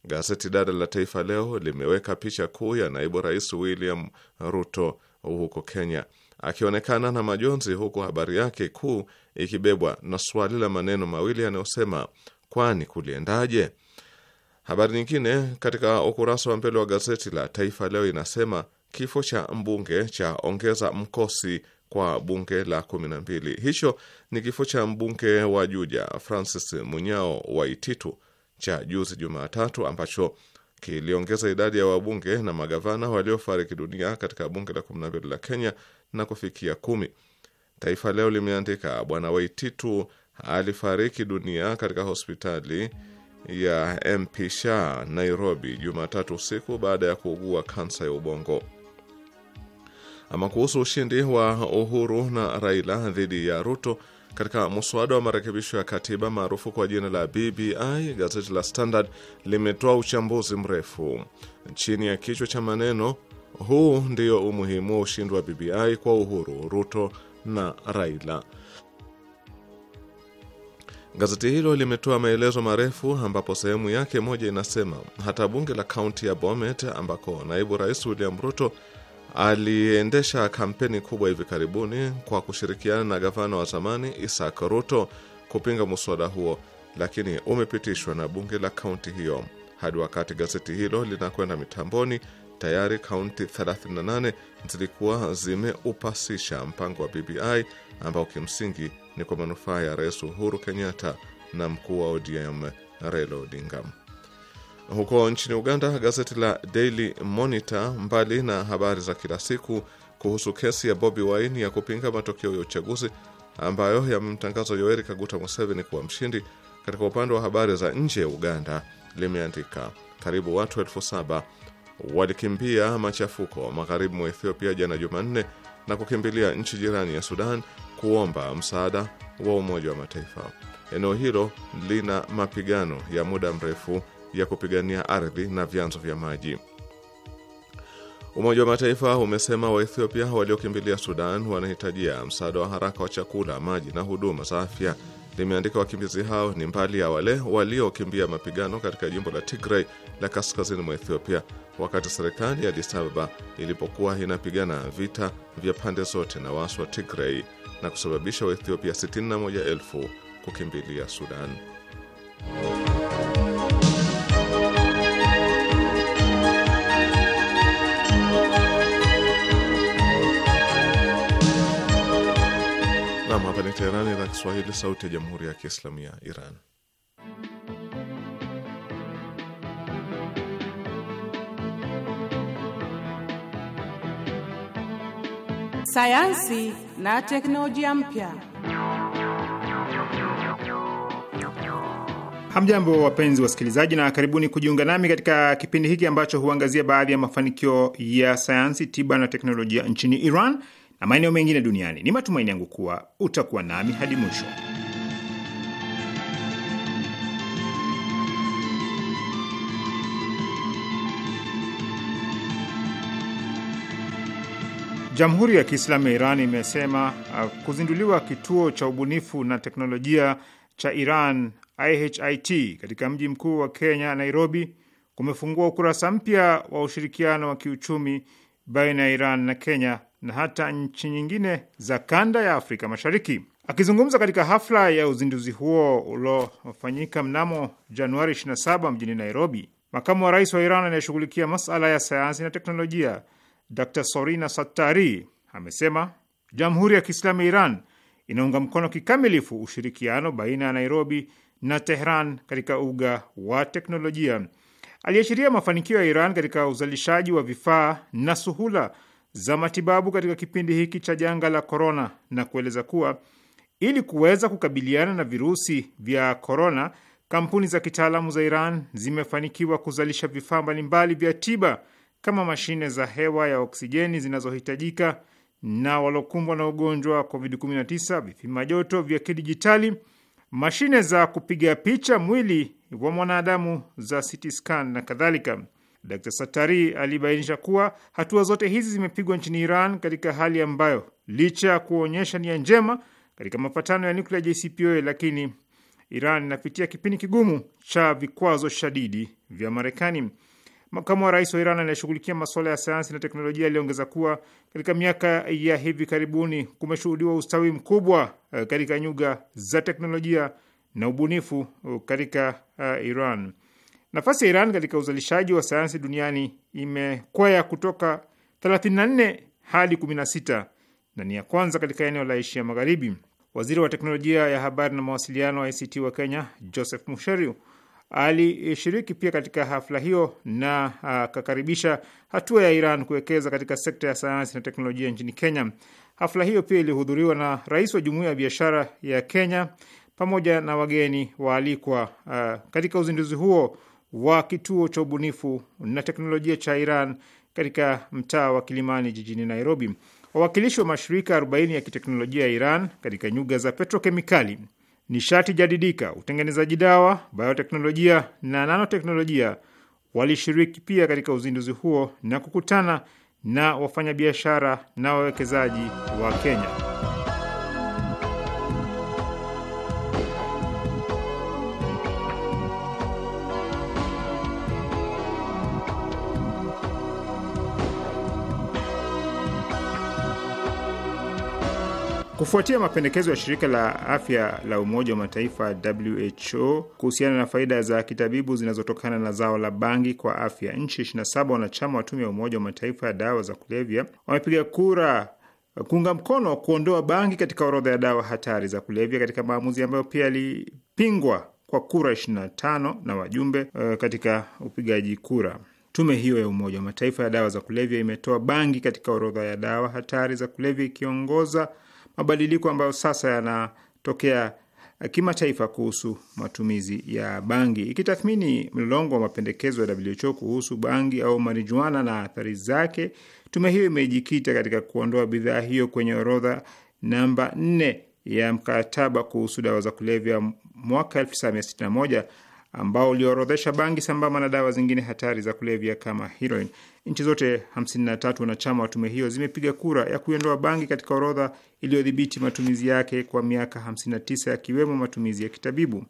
Gazeti dada la Taifa Leo limeweka picha kuu ya naibu rais William Ruto huko Kenya akionekana na majonzi, huku habari yake kuu ikibebwa na swali la maneno mawili yanayosema kwani kuliendaje? Habari nyingine katika ukurasa wa mbele wa gazeti la Taifa Leo inasema kifo cha mbunge cha ongeza mkosi kwa bunge la kumi na mbili. Hicho ni kifo cha mbunge wa Juja Francis Munyao Waititu cha juzi Jumatatu, ambacho kiliongeza idadi ya wabunge na magavana waliofariki dunia katika bunge la kumi na mbili la Kenya na kufikia kumi. Taifa Leo limeandika Bwana Waititu alifariki dunia katika hospitali ya MP Shah Nairobi Jumatatu usiku baada ya kuugua kansa ya ubongo. Ama kuhusu ushindi wa Uhuru na Raila dhidi ya Ruto katika muswada wa marekebisho ya katiba maarufu kwa jina la BBI, gazeti la Standard limetoa uchambuzi mrefu chini ya kichwa cha maneno, huu ndio umuhimu wa ushindi wa BBI kwa Uhuru, Ruto na Raila. Gazeti hilo limetoa maelezo marefu ambapo sehemu yake moja inasema hata bunge la kaunti ya Bomet ambako naibu rais William Ruto aliendesha kampeni kubwa hivi karibuni kwa kushirikiana na gavana wa zamani Isaac Ruto kupinga muswada huo, lakini umepitishwa na bunge la kaunti hiyo. Hadi wakati gazeti hilo linakwenda mitamboni, tayari kaunti 38 zilikuwa zimeupasisha mpango wa BBI ambao kimsingi ni kwa manufaa ya Rais Uhuru Kenyatta na mkuu wa ODM Raila Odinga. Huko nchini Uganda, gazeti la Daily Monitor, mbali na habari za kila siku kuhusu kesi ya Bobi Wine ya kupinga matokeo ya uchaguzi ambayo yamemtangaza Yoweri Kaguta Museveni kuwa mshindi, katika upande wa habari za nje ya Uganda limeandika karibu watu elfu saba walikimbia machafuko magharibi mwa Ethiopia jana Jumanne na kukimbilia nchi jirani ya Sudan kuomba msaada wa Umoja wa Mataifa. Eneo hilo lina mapigano ya muda mrefu ya kupigania ardhi na vyanzo vya maji. Umoja wa Mataifa umesema Waethiopia waliokimbilia Sudan wanahitajia msaada wa haraka wa chakula, maji na huduma za afya. Limeandika wakimbizi hao ni mbali ya wale waliokimbia mapigano katika jimbo la Tigray la kaskazini mwa Ethiopia, wakati serikali ya Addis Ababa ilipokuwa inapigana vita vya pande zote na waasi wa Tigray na kusababisha Waethiopia 61,000 kukimbilia Sudan. ya Kiswahili, sauti ya jamhuri ya kiislamu ya Iran. Sayansi na teknolojia mpya. Hamjambo, wapenzi wasikilizaji, na karibuni kujiunga nami katika kipindi hiki ambacho huangazia baadhi ya mafanikio ya sayansi, tiba na teknolojia nchini Iran na maeneo mengine duniani. Ni matumaini yangu kuwa utakuwa nami hadi mwisho. Jamhuri ya Kiislamu ya Iran imesema uh, kuzinduliwa kituo cha ubunifu na teknolojia cha Iran IHIT katika mji mkuu wa Kenya, Nairobi, kumefungua ukurasa mpya wa ushirikiano wa kiuchumi baina ya Iran na Kenya na hata nchi nyingine za kanda ya Afrika Mashariki. Akizungumza katika hafla ya uzinduzi huo uliofanyika mnamo Januari 27 mjini Nairobi, makamu wa rais wa Iran anayeshughulikia masala ya sayansi na teknolojia Dr Sorina Sattari amesema Jamhuri ya Kiislamu ya Iran inaunga mkono kikamilifu ushirikiano baina ya Nairobi na Tehran katika uga wa teknolojia. Aliashiria mafanikio ya Iran katika uzalishaji wa vifaa na suhula za matibabu katika kipindi hiki cha janga la korona, na kueleza kuwa ili kuweza kukabiliana na virusi vya korona, kampuni za kitaalamu za Iran zimefanikiwa kuzalisha vifaa mbalimbali vya tiba kama mashine za hewa ya oksijeni zinazohitajika na waliokumbwa na ugonjwa wa COVID-19, vipima joto vya kidijitali, mashine za kupiga picha mwili wa mwanadamu za CT scan na kadhalika. Dr Satari alibainisha kuwa hatua zote hizi zimepigwa nchini Iran katika hali ambayo licha ya kuonyesha nia njema katika mapatano ya nuklia JCPOA, lakini Iran inapitia kipindi kigumu cha vikwazo shadidi vya Marekani. Makamu wa rais wa Iran anayeshughulikia masuala ya sayansi na teknolojia aliongeza kuwa katika miaka ya hivi karibuni kumeshuhudiwa ustawi mkubwa eh, katika nyuga za teknolojia na ubunifu eh, katika eh, Iran. Nafasi ya Iran katika uzalishaji wa sayansi duniani imekwea kutoka 34 hadi 16 na ni ya kwanza katika eneo la Asia Magharibi. Waziri wa teknolojia ya habari na mawasiliano wa ICT wa Kenya, Joseph Musheriu, alishiriki pia katika hafla hiyo na akakaribisha hatua ya Iran kuwekeza katika sekta ya sayansi na teknolojia nchini Kenya. Hafla hiyo pia ilihudhuriwa na rais wa Jumuiya ya Biashara ya Kenya pamoja na wageni waalikwa. Uh, katika uzinduzi huo wa kituo cha ubunifu na teknolojia cha Iran katika mtaa wa Kilimani jijini Nairobi. Wawakilishi wa mashirika 40 ya kiteknolojia ya Iran katika nyuga za petrokemikali, nishati jadidika, utengenezaji dawa, bioteknolojia na nanoteknolojia walishiriki pia katika uzinduzi huo na kukutana na wafanyabiashara na wawekezaji wa Kenya. Kufuatia mapendekezo ya shirika la afya la Umoja wa Mataifa WHO kuhusiana na faida za kitabibu zinazotokana na zao la bangi kwa afya, nchi 27 wanachama wa tume ya Umoja wa Mataifa ya dawa za kulevya wamepiga kura kuunga mkono kuondoa bangi katika orodha ya dawa hatari za kulevya katika maamuzi ambayo pia yalipingwa kwa kura 25 na wajumbe uh, katika upigaji kura. Tume hiyo ya Umoja wa Mataifa ya dawa za kulevya imetoa bangi katika orodha ya dawa hatari za kulevya ikiongoza mabadiliko ambayo sasa yanatokea kimataifa kuhusu matumizi ya bangi. Ikitathmini mlolongo wa mapendekezo ya WHO kuhusu bangi au marijuana na athari zake, tume hiyo imejikita katika kuondoa bidhaa hiyo kwenye orodha namba nne ya mkataba kuhusu dawa za kulevya mwaka 1961 ambao uliorodhesha bangi sambamba na dawa zingine hatari za kulevya kama heroin. Nchi zote 53 wanachama wa tume hiyo zimepiga kura ya kuiondoa bangi katika orodha iliyodhibiti matumizi yake kwa miaka 59 yakiwemo matumizi ya kitabibu.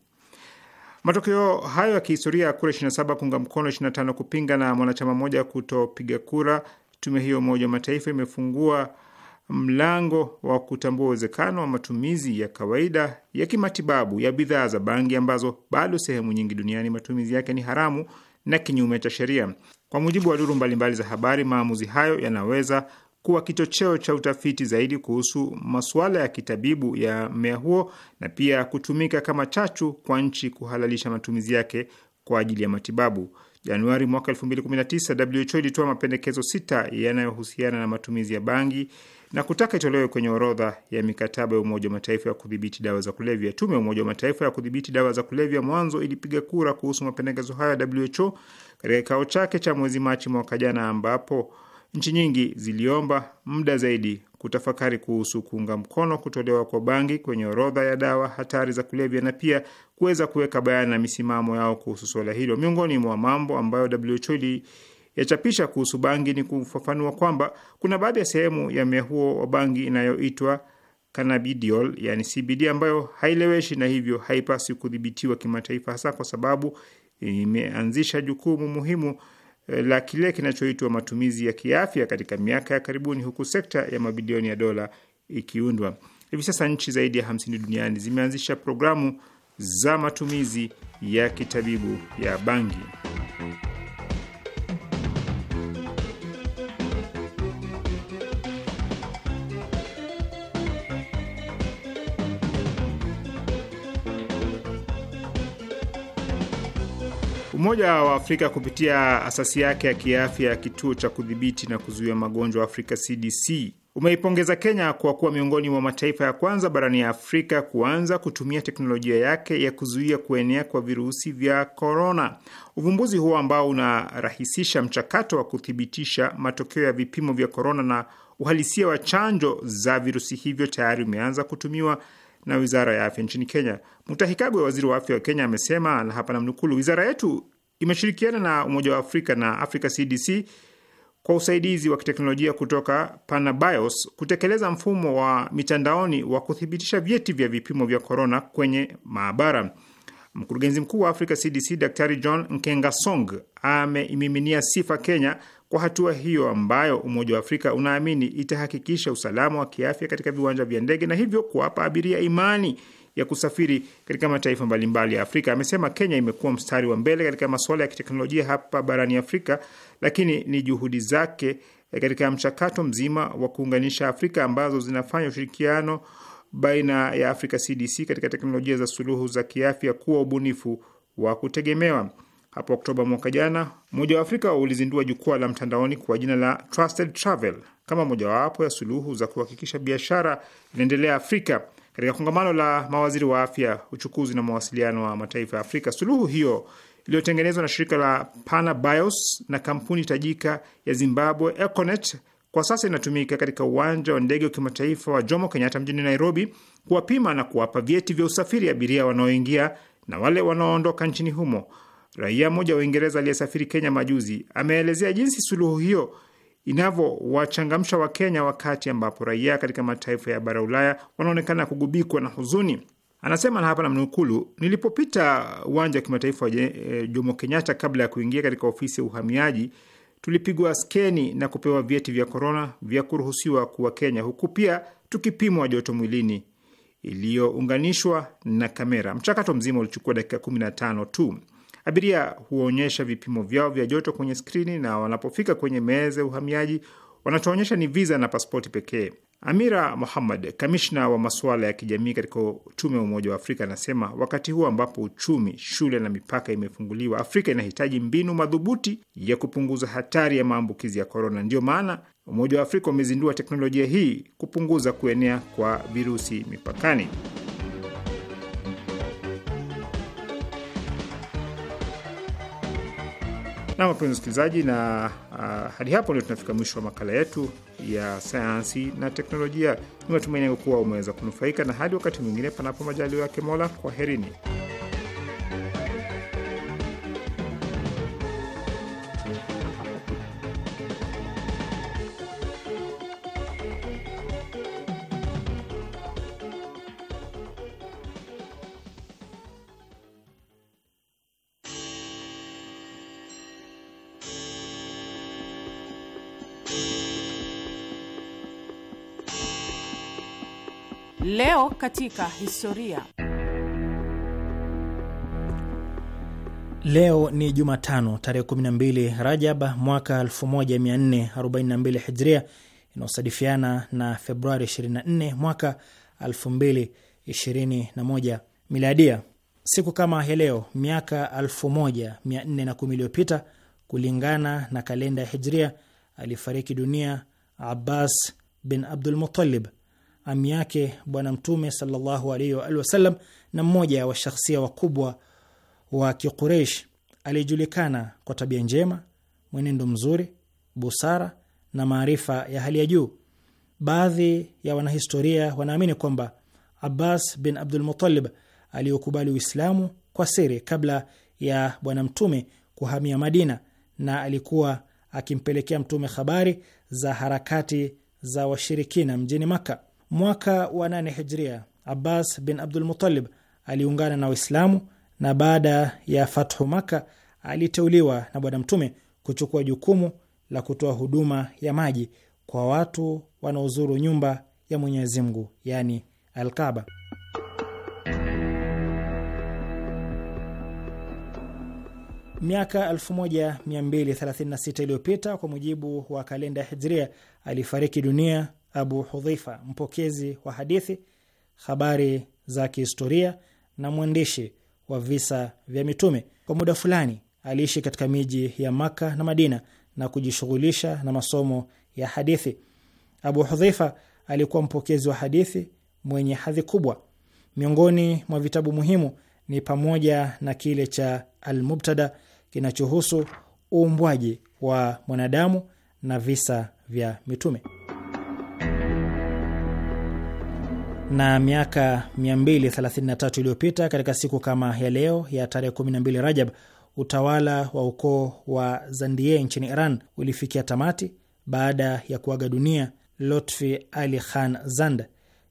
Matokeo hayo ya kihistoria ya kura 27 kuunga mkono, 25 kupinga na mwanachama mmoja kutopiga kura, tume hiyo Umoja wa Mataifa imefungua mlango wa kutambua uwezekano wa matumizi ya kawaida ya kimatibabu ya bidhaa za bangi ambazo bado sehemu nyingi duniani matumizi yake ni haramu na kinyume cha sheria. Kwa mujibu wa duru mbalimbali za habari, maamuzi hayo yanaweza kuwa kichocheo cha utafiti zaidi kuhusu masuala ya kitabibu ya mmea huo na pia kutumika kama chachu kwa nchi kuhalalisha matumizi yake kwa ajili ya matibabu. Januari mwaka 2019 WHO ilitoa mapendekezo sita yanayohusiana na matumizi ya bangi na kutaka itolewe kwenye orodha ya mikataba ya Umoja wa Mataifa ya kudhibiti dawa za kulevya. Tume ya Umoja wa Mataifa ya kudhibiti dawa za kulevya mwanzo ilipiga kura kuhusu mapendekezo hayo ya WHO katika kikao chake cha mwezi Machi mwaka jana, ambapo nchi nyingi ziliomba muda zaidi kutafakari kuhusu kuunga mkono kutolewa kwa bangi kwenye orodha ya dawa hatari za kulevya na pia kuweza kuweka bayana misimamo yao kuhusu suala hilo. Miongoni mwa mambo ambayo WHO yachapisha kuhusu bangi ni kufafanua kwamba kuna baadhi ya sehemu ya mmea huo wa bangi inayoitwa cannabidiol, yani CBD, ambayo haileweshi na hivyo haipaswi kudhibitiwa kimataifa, hasa kwa sababu imeanzisha jukumu muhimu eh, la kile kinachoitwa matumizi ya kiafya katika miaka ya karibuni, huku sekta ya mabilioni ya dola ikiundwa. Hivi sasa nchi zaidi ya hamsini duniani zimeanzisha programu za matumizi ya kitabibu ya bangi. Umoja wa Afrika kupitia asasi yake ya kiafya ya kituo cha kudhibiti na kuzuia magonjwa Afrika CDC umeipongeza Kenya kwa kuwa miongoni mwa mataifa ya kwanza barani ya Afrika kuanza kutumia teknolojia yake ya kuzuia kuenea kwa virusi vya korona. Uvumbuzi huo ambao unarahisisha mchakato wa kuthibitisha matokeo ya vipimo vya korona na uhalisia wa chanjo za virusi hivyo tayari umeanza kutumiwa na wizara ya afya nchini Kenya. Mutahikagwe, waziri wa afya wa Kenya, amesema na hapa namnukulu, wizara yetu imeshirikiana na Umoja wa Afrika na Africa CDC kwa usaidizi wa kiteknolojia kutoka Panabios kutekeleza mfumo wa mitandaoni wa kuthibitisha vyeti vya vipimo vya korona kwenye maabara. Mkurugenzi mkuu wa Africa CDC Daktari John Nkengasong ameimiminia sifa Kenya kwa hatua hiyo ambayo Umoja wa Afrika unaamini itahakikisha usalama wa kiafya katika viwanja vya ndege na hivyo kuwapa abiria imani ya kusafiri katika mataifa mbalimbali ya Afrika. Amesema Kenya imekuwa mstari wa mbele katika masuala ya kiteknolojia hapa barani Afrika, lakini ni juhudi zake eh, katika mchakato mzima wa kuunganisha Afrika ambazo zinafanya ushirikiano baina ya Afrika CDC katika teknolojia za suluhu za kiafya kuwa ubunifu wa kutegemewa. Hapo Oktoba mwaka jana, Umoja wa Afrika ulizindua jukwaa la mtandaoni kwa jina la Trusted Travel kama mojawapo ya suluhu za kuhakikisha biashara inaendelea Afrika. Katika kongamano la mawaziri wa afya, uchukuzi na mawasiliano wa mataifa ya Afrika, suluhu hiyo iliyotengenezwa na shirika la Bios na kampuni tajika ya Zimbabwe Econet kwa sasa inatumika katika uwanja wa ndege wa kimataifa wa Jomo Kenyatta mjini Nairobi, kuwapima na kuwapa vyeti vya usafiri abiria wanaoingia na wale wanaoondoka nchini humo. Raia mmoja wa Uingereza aliyesafiri Kenya majuzi ameelezea jinsi suluhu hiyo inavyowachangamsha Wakenya wakati ambapo raia katika mataifa ya bara Ulaya wanaonekana kugubikwa na huzuni. Anasema na hapa mnukulu, nilipopita uwanja wa kimataifa wa eh, Jomo Kenyatta kabla ya kuingia katika ofisi ya uhamiaji, tulipigwa skeni na kupewa vyeti vya korona vya kuruhusiwa kuwa Kenya, huku pia tukipimwa joto mwilini iliyounganishwa na kamera. Mchakato mzima ulichukua dakika 15 tu. Abiria huonyesha vipimo vyao vya joto kwenye skrini na wanapofika kwenye meza ya uhamiaji wanachoonyesha ni viza na pasipoti pekee. Amira muhammad kamishna wa masuala ya kijamii katika tume ya Umoja wa Afrika, anasema wakati huu ambapo uchumi, shule na mipaka imefunguliwa, Afrika inahitaji mbinu madhubuti ya kupunguza hatari ya maambukizi ya korona. Ndiyo maana Umoja wa Afrika umezindua teknolojia hii kupunguza kuenea kwa virusi mipakani. Na wapenzi wasikilizaji, na uh, hadi hapo ndio tunafika mwisho wa makala yetu ya sayansi na teknolojia. Ni matumaini yangu kuwa umeweza kunufaika, na hadi wakati mwingine, panapo majaliwa yake Mola, kwaherini. katika historia. Leo ni Jumatano tarehe 12 Rajab mwaka 1442 Hijria, inayosadifiana na Februari 24 mwaka 2021 Miladia. Siku kama ya leo miaka 1410 iliyopita, kulingana na kalenda ya Hijria, alifariki dunia Abbas bin Abdul Muttalib, ami yake Bwana Mtume sallallahu alaihi wa alihi wasallam na mmoja wa shakhsia wakubwa wa Kikureish aliyejulikana kwa tabia njema, mwenendo mzuri, busara na maarifa ya hali ya juu. Baadhi ya wanahistoria wanaamini kwamba Abbas bin Abdul Muttalib aliyokubali Uislamu kwa siri kabla ya Bwana Mtume kuhamia Madina, na alikuwa akimpelekea Mtume habari za harakati za washirikina mjini Makka. Mwaka wa nane hijria, Abbas bin Abdul Muttalib aliungana na Waislamu na baada ya fathu Maka aliteuliwa na Bwana Mtume kuchukua jukumu la kutoa huduma ya maji kwa watu wanaozuru nyumba ya Mwenyezi Mungu, yani Alkaba. Miaka 1236 iliyopita kwa mujibu wa kalenda ya Hijria alifariki dunia Abu Hudhaifa, mpokezi wa hadithi, habari za kihistoria na mwandishi wa visa vya mitume. Kwa muda fulani aliishi katika miji ya Maka na Madina na kujishughulisha na masomo ya hadithi. Abu Hudhaifa alikuwa mpokezi wa hadithi mwenye hadhi kubwa. Miongoni mwa vitabu muhimu ni pamoja na kile cha Almubtada kinachohusu uumbwaji wa mwanadamu na visa vya mitume. na miaka 233 iliyopita katika siku kama ya leo ya tarehe 12 Rajab, utawala wa ukoo wa Zandie nchini Iran ulifikia tamati baada ya kuaga dunia Lotfi Ali Khan Zand.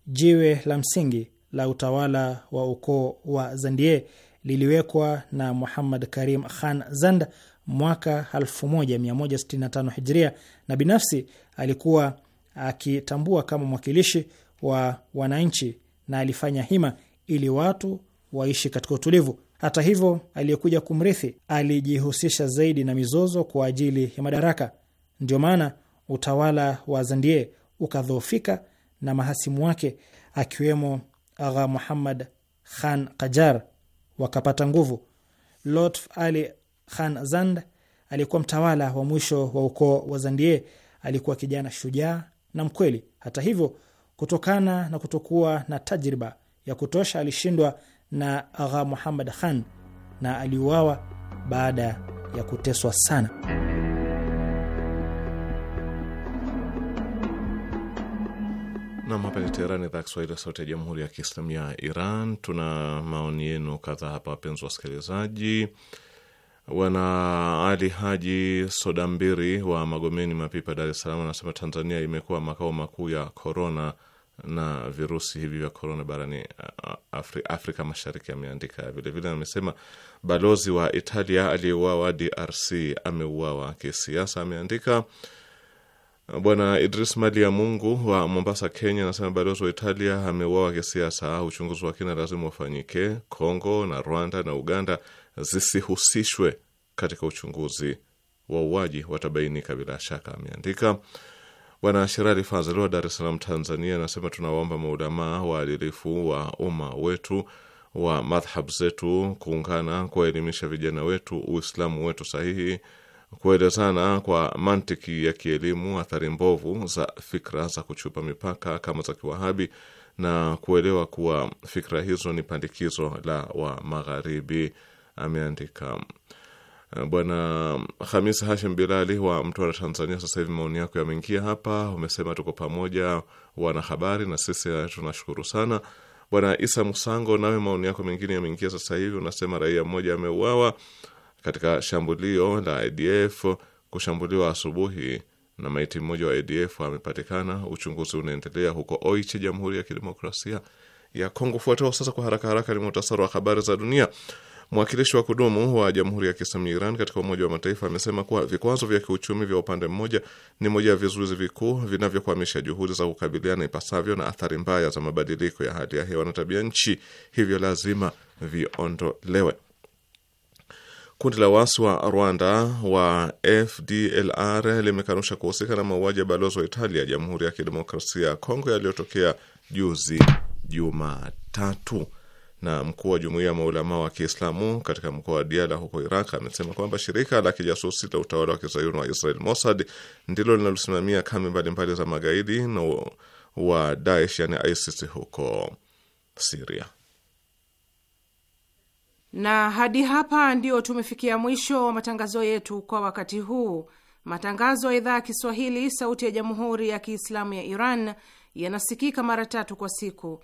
Jiwe la msingi la utawala wa ukoo wa Zandie liliwekwa na Muhammad Karim Khan Zand mwaka 1165 Hijria, na binafsi alikuwa akitambua kama mwakilishi wa wananchi na alifanya hima ili watu waishi katika utulivu. Hata hivyo, aliyekuja kumrithi alijihusisha zaidi na mizozo kwa ajili ya madaraka. Ndio maana utawala wa Zandie ukadhoofika na mahasimu wake akiwemo Agha Muhammad Khan Qajar wakapata nguvu. Lotf Ali Khan Zand alikuwa mtawala wa mwisho wa ukoo wa Zandie. Alikuwa kijana shujaa na mkweli. Hata hivyo, Kutokana na kutokuwa na tajriba ya kutosha, alishindwa na Agha Muhammad Khan na aliuawa baada ya kuteswa sana. Nam, hapa ni Teherani, idhaa Kiswahili, sauti ya jamhuri ya kiislamu ya Iran. Tuna maoni yenu kadhaa hapa, wapenzi wasikilizaji. Bwana Ali Haji Sodambiri wa Magomeni Mapipa, Dar es Salaam, anasema Tanzania imekuwa makao makuu ya korona na virusi hivi vya korona barani uh, Afri, Afrika Mashariki, ameandika vilevile. Amesema balozi wa Italia aliyeuawa DRC ameuawa kisiasa, ameandika. Bwana Idris Mali ya Mungu wa Mombasa, Kenya, anasema balozi wa Italia ameuawa kisiasa, uchunguzi wa kina lazima ufanyike. Kongo na Rwanda na Uganda zisihusishwe katika uchunguzi wauaji watabainika bila shaka, ameandika Bwana Sherali Fazl wa Dar es Salaam, Tanzania. Anasema tunawaomba maulamaa waadilifu wa umma wetu wa madhhab zetu kuungana kuwaelimisha vijana wetu Uislamu wetu sahihi, kuelezana kwa mantiki ya kielimu athari mbovu za fikra za kuchupa mipaka kama za Kiwahabi na kuelewa kuwa fikra hizo ni pandikizo la wa Magharibi ameandika. Eh, Bwana Hamis Hashim Bilali wa Mtwara, Tanzania, sasa hivi maoni yako yameingia hapa. Umesema tuko pamoja wanahabari, na sisi eh, tunashukuru sana. Bwana Isa Musango, nawe maoni yako mengine yameingia sasa hivi. Unasema raia mmoja ameuawa katika shambulio la ADF, kushambuliwa asubuhi na maiti mmoja wa ADF amepatikana. Uchunguzi unaendelea huko Oiche, Jamhuri ya Kidemokrasia ya Kongo. Fuatao sasa kwa haraka haraka ni muhtasari wa habari za dunia. Mwakilishi wa kudumu wa Jamhuri ya Kiislamu Iran katika Umoja wa Mataifa amesema kuwa vikwazo vya kiuchumi vya upande mmoja ni moja ya vizuizi vikuu vinavyokwamisha juhudi za kukabiliana ipasavyo na athari mbaya za mabadiliko ya hali ya hewa na tabia nchi, hivyo lazima viondolewe. Kundi la waasi wa Rwanda wa FDLR limekanusha kuhusika na mauaji ya balozi wa Italia Jamhuri ya Kidemokrasia ya Kongo yaliyotokea juzi Jumatatu na mkuu wa jumuiya ya maulamaa wa Kiislamu katika mkoa wa Diala huko Iraq amesema kwamba shirika la kijasusi la utawala wa kizayuni wa Israel Mossad ndilo linalosimamia kambi mbalimbali za magaidi na wa Daesh yani ISIS huko Siria. Na hadi hapa ndio tumefikia mwisho wa matangazo yetu kwa wakati huu. Matangazo ya idhaa ya Kiswahili sauti ya jamhuri ya Kiislamu ya Iran yanasikika mara tatu kwa siku